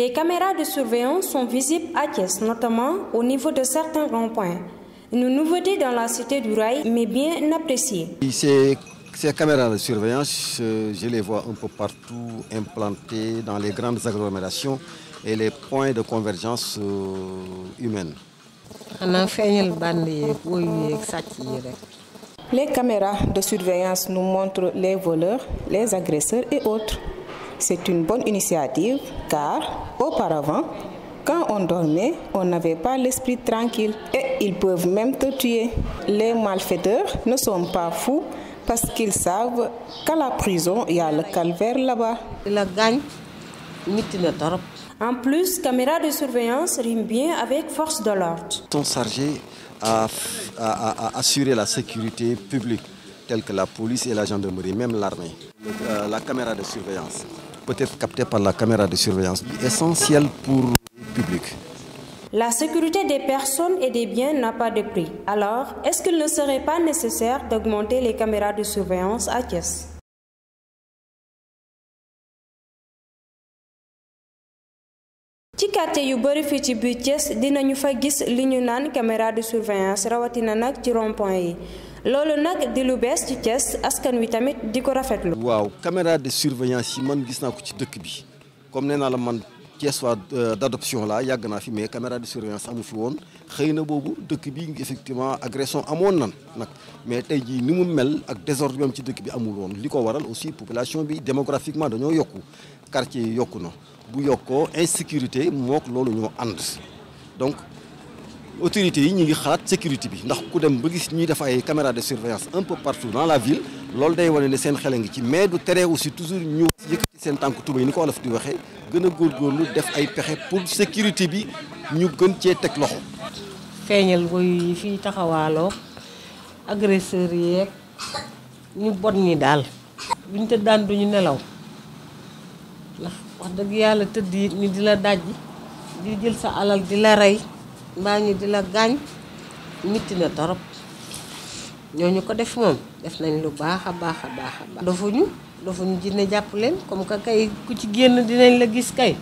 Les caméras de surveillance sont visibles à Thiès, notamment au niveau de certains ronds-points. Une nouveauté dans la cité du rail, mais bien appréciée. Ces, caméras de surveillance, euh, je les vois un peu partout, implantées dans les grandes agglomérations et les points de convergence euh, humaine. Les caméras de surveillance nous montrent les voleurs, les agresseurs et autres. C'est une bonne initiative car auparavant, quand on dormait, on n'avait pas l'esprit tranquille et ils peuvent même te tuer. Les malfaiteurs ne sont pas fous parce qu'ils savent qu'à la prison, il y a le calvaire là-bas. La gagne, en plus, caméra de surveillance rime bien avec force de l'ordre. Ton chargé a assuré la sécurité publique, telle que la police et la gendarmerie, même l'armée. Euh, la caméra de surveillance peut être capté par la caméra de surveillance, essentielle pour le public. La sécurité des personnes et des biens n'a pas de prix. Alors, est-ce qu'il ne serait pas nécessaire d'augmenter les caméras de surveillance à Thiès ci yu bari fi ci Thiès dinañu fa gis caméra de surveillance ci rond-point lolu nak di lu bees ci Thiès askan wi tamit diko rafetlu. waaw caméra de surveillance yi man gis naa ko ci dëkk bi comme nee la man Thiès wa euh, d'adoption la yàgg naa fi mais caméra de surveillance amu fi woon xëy na dëkk bi effectivement agression amoon nan nak mais tay ji ni mu mel ak désordre bi am ci dëkk bi amul won liko waral aussi population bi démographiquement dañoo yokku quartier yokku na bu yokko insécurité mok lolu ñoo and donc autorité yi ñi ngi xalaat sécurité bi ndax ku dem ba gis ñuy def ay caméra de surveillance un peu partout dans la ville loolu day wone ne seen xel ngi ci mais du tere aussi toujours ñu yëkkati seen tànk tubéy ni ko olof di waxee gën a góorgóorlu def ay pexe pour sécurité bi ñu gën cee teg loxo. feeñal woyu yi fii taxawaaloo agresseurs yeeg ñu bon ni daal. buñ te daan duñu nelaw ndax wax dëgg yàlla tëdd yi ni di la daj di jël sa alal di la rey. mbaa ngi di la gaañ mitti na torop ñu ko def moom def nañ lu baax a baax a baax a baax dofuñu dofuñu jinne jàpp leen comme que kay ku ci génn dinañ la gis kay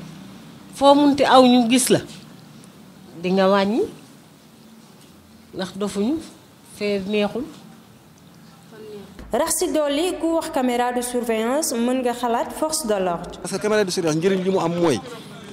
foo munti aw ñu gis la di nga wàññi ndax dofuñu fee neexul rax si dolli ku wax caméra de surveillance mën nga xalaat force de l'ordre parce que caméra de surveillance njëriñ li mu am mooy